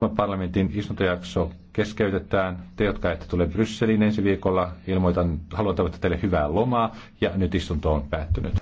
Tämä parlamentin istuntojakso keskeytetään. Te, jotka ette tule Brysseliin ensi viikolla, ilmoitan, haluan toivottaa teille hyvää lomaa ja nyt istunto on päättynyt.